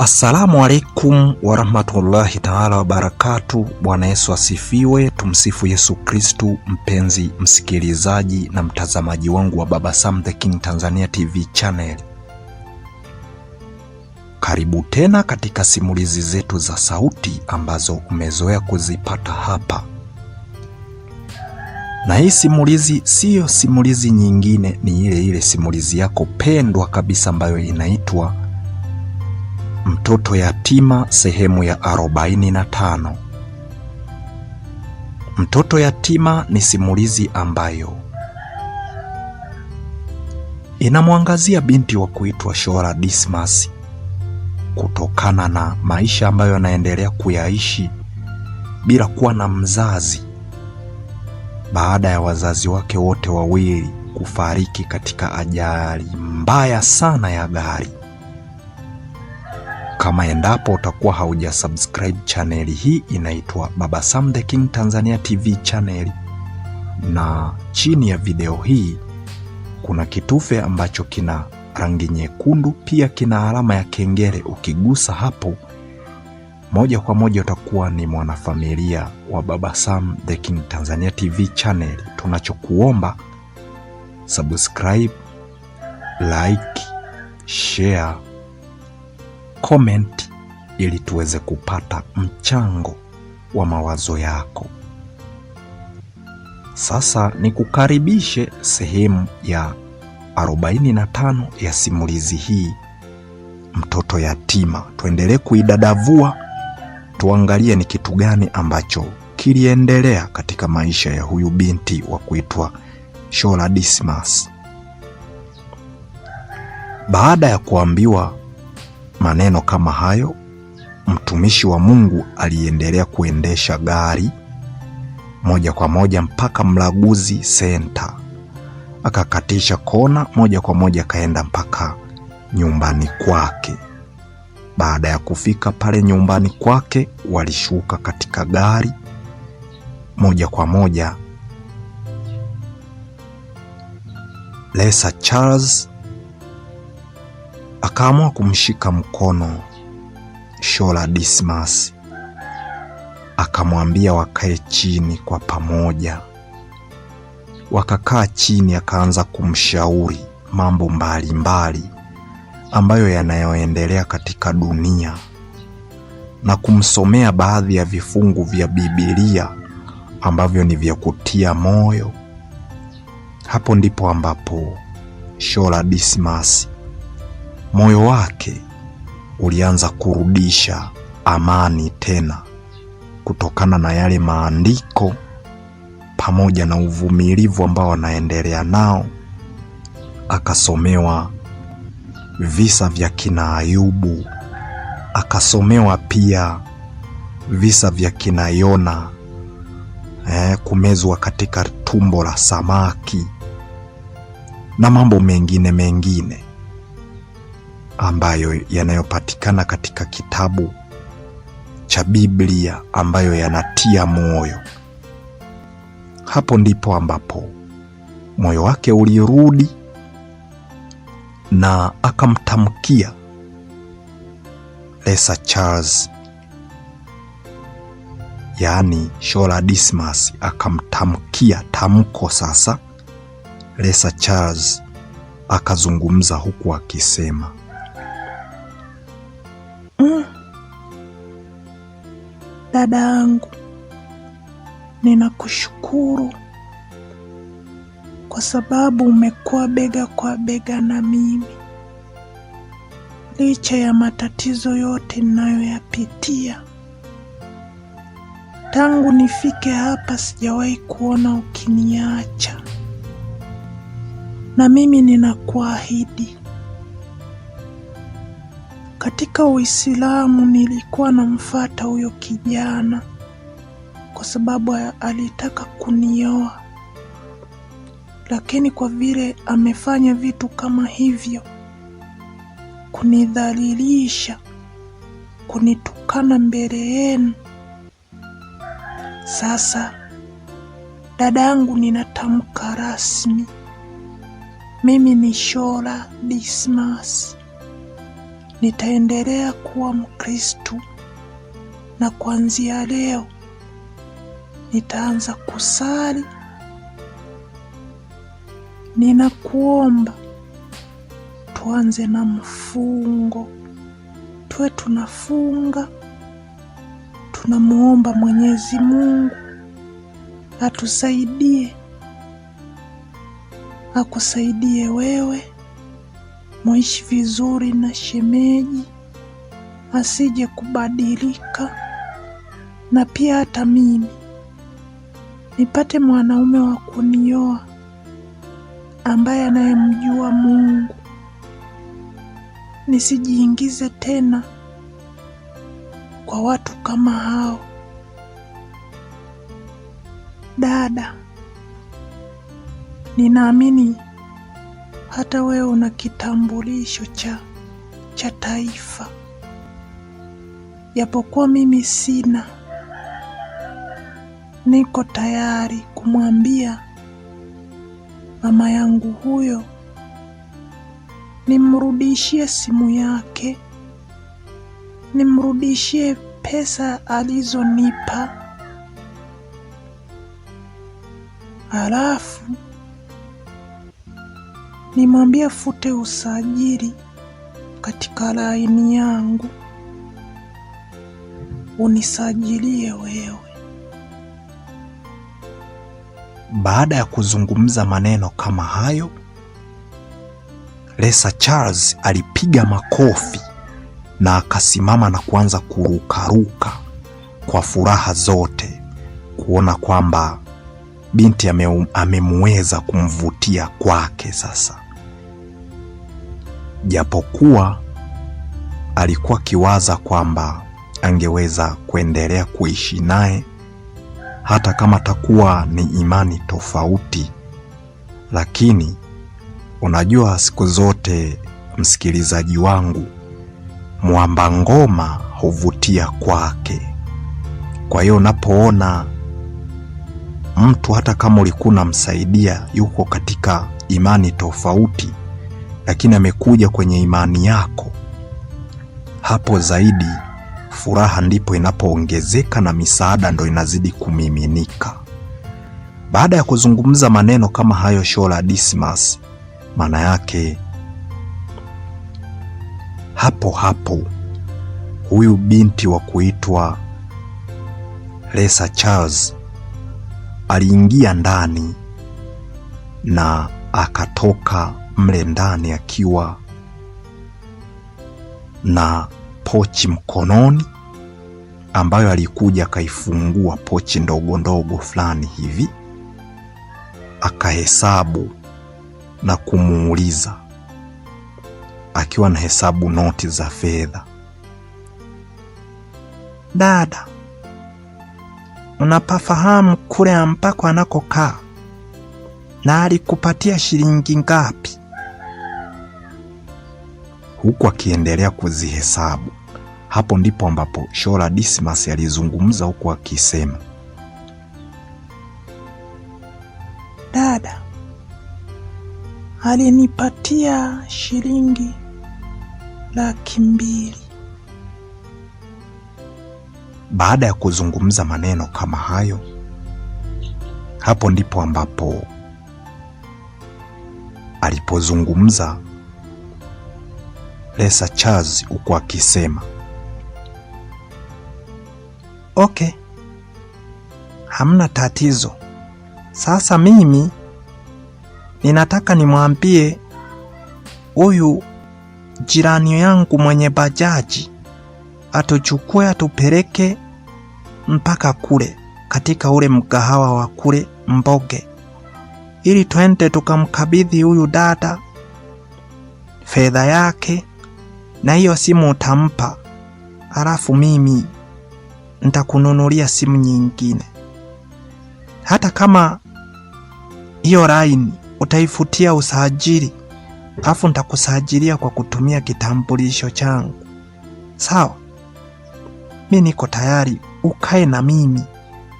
Assalamu alaikum warahmatullahi taala wabarakatu. Bwana Yesu asifiwe, tumsifu Yesu Kristu. Mpenzi msikilizaji na mtazamaji wangu wa Baba Sam the King Tanzania TV channel, karibu tena katika simulizi zetu za sauti ambazo umezoea kuzipata hapa, na hii simulizi siyo simulizi nyingine, ni ile ile simulizi yako pendwa kabisa ambayo inaitwa Mtoto yatima sehemu ya 45 Mtoto yatima ni simulizi ambayo inamwangazia binti wa kuitwa Shora Dismas kutokana na maisha ambayo anaendelea kuyaishi bila kuwa na mzazi baada ya wazazi wake wote wawili kufariki katika ajali mbaya sana ya gari. Kama endapo utakuwa hauja subscribe chaneli hii inaitwa Baba Sam the King Tanzania TV channel, na chini ya video hii kuna kitufe ambacho kina rangi nyekundu, pia kina alama ya kengele. Ukigusa hapo moja kwa moja utakuwa ni mwanafamilia wa Baba Sam the King Tanzania TV channel. Tunachokuomba subscribe, like, share comment ili tuweze kupata mchango wa mawazo yako. Sasa nikukaribishe sehemu ya 45 ya simulizi hii Mtoto Yatima. Tuendelee kuidadavua, tuangalie ni kitu gani ambacho kiliendelea katika maisha ya huyu binti wa kuitwa Shola Dismas. Baada ya kuambiwa Maneno kama hayo, mtumishi wa Mungu aliendelea kuendesha gari moja kwa moja mpaka Mlaguzi senta akakatisha kona moja kwa moja akaenda mpaka nyumbani kwake. Baada ya kufika pale nyumbani kwake, walishuka katika gari moja kwa moja Lesa Charles akaamua kumshika mkono Shola Dismas, akamwambia wakae chini kwa pamoja. Wakakaa chini, akaanza kumshauri mambo mbalimbali mbali ambayo yanayoendelea katika dunia na kumsomea baadhi ya vifungu vya Biblia ambavyo ni vya kutia moyo. Hapo ndipo ambapo Shola Dismas moyo wake ulianza kurudisha amani tena, kutokana na yale maandiko pamoja na uvumilivu ambao anaendelea nao. Akasomewa visa vya kina Ayubu, akasomewa pia visa vya kina Yona eh, kumezwa katika tumbo la samaki na mambo mengine mengine ambayo yanayopatikana katika kitabu cha Biblia ambayo yanatia moyo. Hapo ndipo ambapo moyo wake ulirudi na akamtamkia Lesa Charles, yaani Shola Dismas akamtamkia tamko. Sasa Lesa Charles akazungumza huku akisema mm. Dada yangu, ninakushukuru kwa sababu umekuwa bega kwa bega na mimi licha ya matatizo yote ninayoyapitia. Tangu nifike hapa sijawahi kuona ukiniacha, na mimi ninakuahidi katika Uislamu nilikuwa namfuata huyo kijana kwa sababu alitaka kunioa, lakini kwa vile amefanya vitu kama hivyo, kunidhalilisha, kunitukana mbele yenu, sasa dada yangu, ninatamka rasmi, mimi ni Shola Dismas nitaendelea kuwa Mkristu na kuanzia leo nitaanza kusali. Ninakuomba tuanze na mfungo, tuwe tunafunga, tunamuomba Mwenyezi Mungu atusaidie, akusaidie wewe mwaishi vizuri na shemeji, asije kubadilika, na pia hata mimi nipate mwanaume wa kunioa ambaye anayemjua Mungu, nisijiingize tena kwa watu kama hao. Dada, ninaamini hata wewe una kitambulisho cha, cha taifa, japokuwa mimi sina. Niko tayari kumwambia mama yangu huyo nimrudishie simu yake, nimrudishie pesa alizonipa alafu Nimwambie afute usajili katika laini yangu, unisajilie wewe. Baada ya kuzungumza maneno kama hayo, Lesa Charles alipiga makofi na akasimama na kuanza kurukaruka kwa furaha zote kuona kwamba binti amemweza kumvutia kwake sasa, japokuwa alikuwa akiwaza kwamba angeweza kuendelea kuishi naye hata kama atakuwa ni imani tofauti, lakini unajua, siku zote msikilizaji wangu, mwamba ngoma huvutia kwake. Kwa hiyo unapoona mtu hata kama ulikuwa unamsaidia, yuko katika imani tofauti, lakini amekuja kwenye imani yako, hapo zaidi furaha ndipo inapoongezeka na misaada ndo inazidi kumiminika. Baada ya kuzungumza maneno kama hayo Shola Dismas, maana yake hapo hapo huyu binti wa kuitwa Lesa Charles aliingia ndani na akatoka mle ndani akiwa na pochi mkononi ambayo alikuja akaifungua pochi ndogo ndogo fulani hivi, akahesabu na kumuuliza, akiwa na hesabu noti za fedha, dada, unapafahamu kule ambako anakokaa na alikupatia shilingi ngapi? Huku akiendelea kuzihesabu. Hapo ndipo ambapo Shola Dismas alizungumza huku akisema, dada alinipatia shilingi laki mbili. Baada ya kuzungumza maneno kama hayo, hapo ndipo ambapo alipozungumza Lesa Charles huku akisema okay, hamna tatizo. Sasa mimi ninataka nimwambie huyu jirani yangu mwenye bajaji atuchukue atupeleke mpaka kule katika ule mgahawa wa kule Mboge, ili twende tukamkabidhi huyu dada fedha yake, na hiyo simu utampa, alafu mimi nitakununulia simu nyingine. Hata kama hiyo laini utaifutia usajili, alafu nitakusajilia kwa kutumia kitambulisho changu, sawa? mi niko tayari ukae na mimi.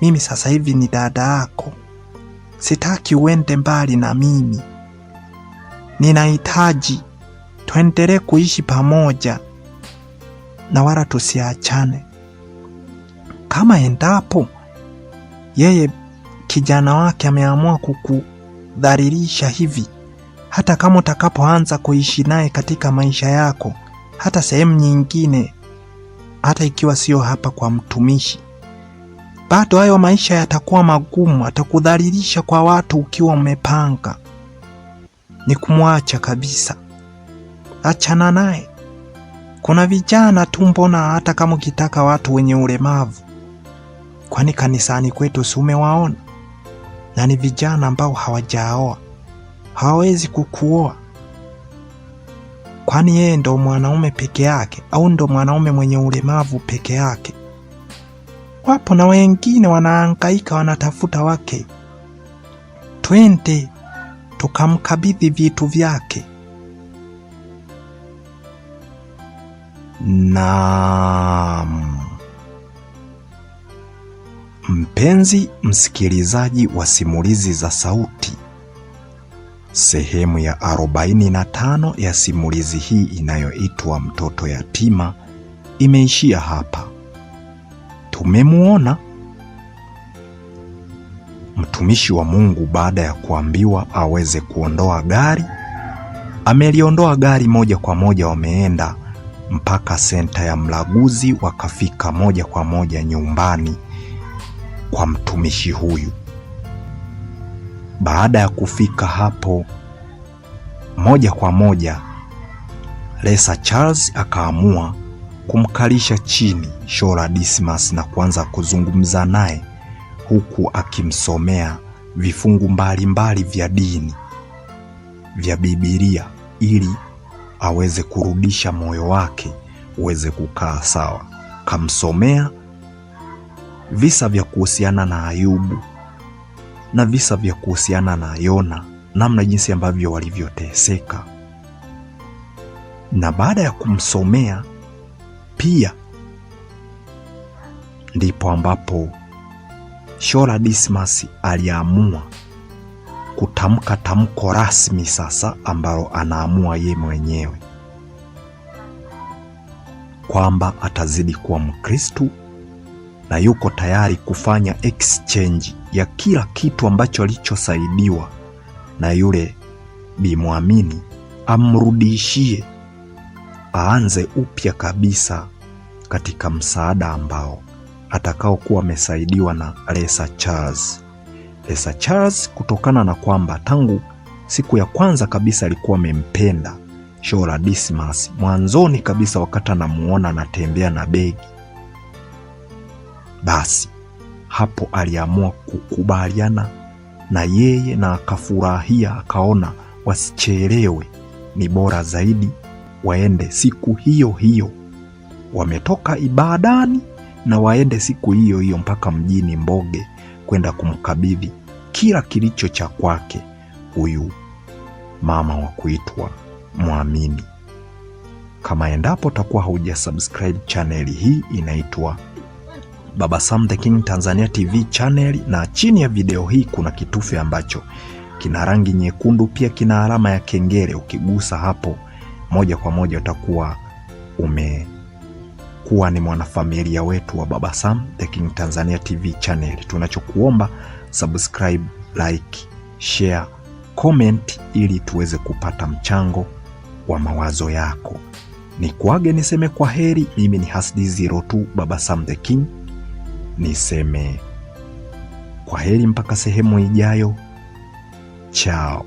Mimi sasa hivi ni dada yako, sitaki uende mbali na mimi, ninahitaji tuendelee kuishi pamoja na wala tusiachane. Kama endapo yeye kijana wake ameamua kukudhalilisha hivi, hata kama utakapoanza kuishi naye katika maisha yako, hata sehemu nyingine hata ikiwa sio hapa kwa mtumishi, bado hayo maisha yatakuwa magumu, atakudhalilisha kwa watu ukiwa umepanga ni kumwacha kabisa. Achana naye. Kuna vijana tu, mbona hata kama ukitaka watu wenye ulemavu, kwani kanisani kwetu si umewaona? Na ni vijana ambao hawajaoa, hawawezi kukuoa. Kwani yeye ndo mwanaume peke yake au ndo mwanaume mwenye ulemavu peke yake? Wapo na wengine wanaangaika wanatafuta wake. Twende tukamkabidhi vitu vyake. Naam, mpenzi msikilizaji wa simulizi za sauti Sehemu ya 45 ya simulizi hii inayoitwa Mtoto Yatima imeishia hapa. Tumemwona mtumishi wa Mungu baada ya kuambiwa aweze kuondoa gari, ameliondoa gari moja kwa moja, wameenda mpaka senta ya Mlaguzi, wakafika moja kwa moja nyumbani kwa mtumishi huyu. Baada ya kufika hapo, moja kwa moja Lesa Charles akaamua kumkalisha chini Shora Dismas na kuanza kuzungumza naye huku akimsomea vifungu mbalimbali vya dini vya Biblia ili aweze kurudisha moyo wake uweze kukaa sawa. Kamsomea visa vya kuhusiana na Ayubu na visa vya kuhusiana na Yona, namna jinsi ambavyo walivyoteseka. Na baada ya kumsomea pia ndipo ambapo Shora Dismas aliamua kutamka tamko rasmi sasa ambalo anaamua ye mwenyewe kwamba atazidi kuwa Mkristu na yuko tayari kufanya exchange ya kila kitu ambacho alichosaidiwa na yule bimwamini, amrudishie aanze upya kabisa katika msaada ambao atakaokuwa amesaidiwa na Lesa Charles. Lesa Charles kutokana na kwamba tangu siku ya kwanza kabisa alikuwa amempenda Shola Dismas, mwanzoni kabisa wakati anamuona anatembea na begi basi hapo aliamua kukubaliana na yeye na akafurahia, akaona wasichelewe, ni bora zaidi waende siku hiyo hiyo, wametoka ibadani na waende siku hiyo hiyo mpaka mjini Mboge kwenda kumkabidhi kila kilicho cha kwake huyu mama wa kuitwa Mwamini. Kama endapo takuwa hauja subscribe chaneli hii inaitwa Baba Sam the King Tanzania TV channel, na chini ya video hii kuna kitufe ambacho kina rangi nyekundu, pia kina alama ya kengele. Ukigusa hapo moja kwa moja utakuwa umekuwa ni mwanafamilia wetu wa Baba Sam the King Tanzania TV channel. Tunachokuomba subscribe, like, share, comment ili tuweze kupata mchango wa mawazo yako. Ni kuage niseme kwa heri. Mimi ni Hasdi02 Baba Sam the King niseme kwa heri mpaka sehemu ijayo. Chao.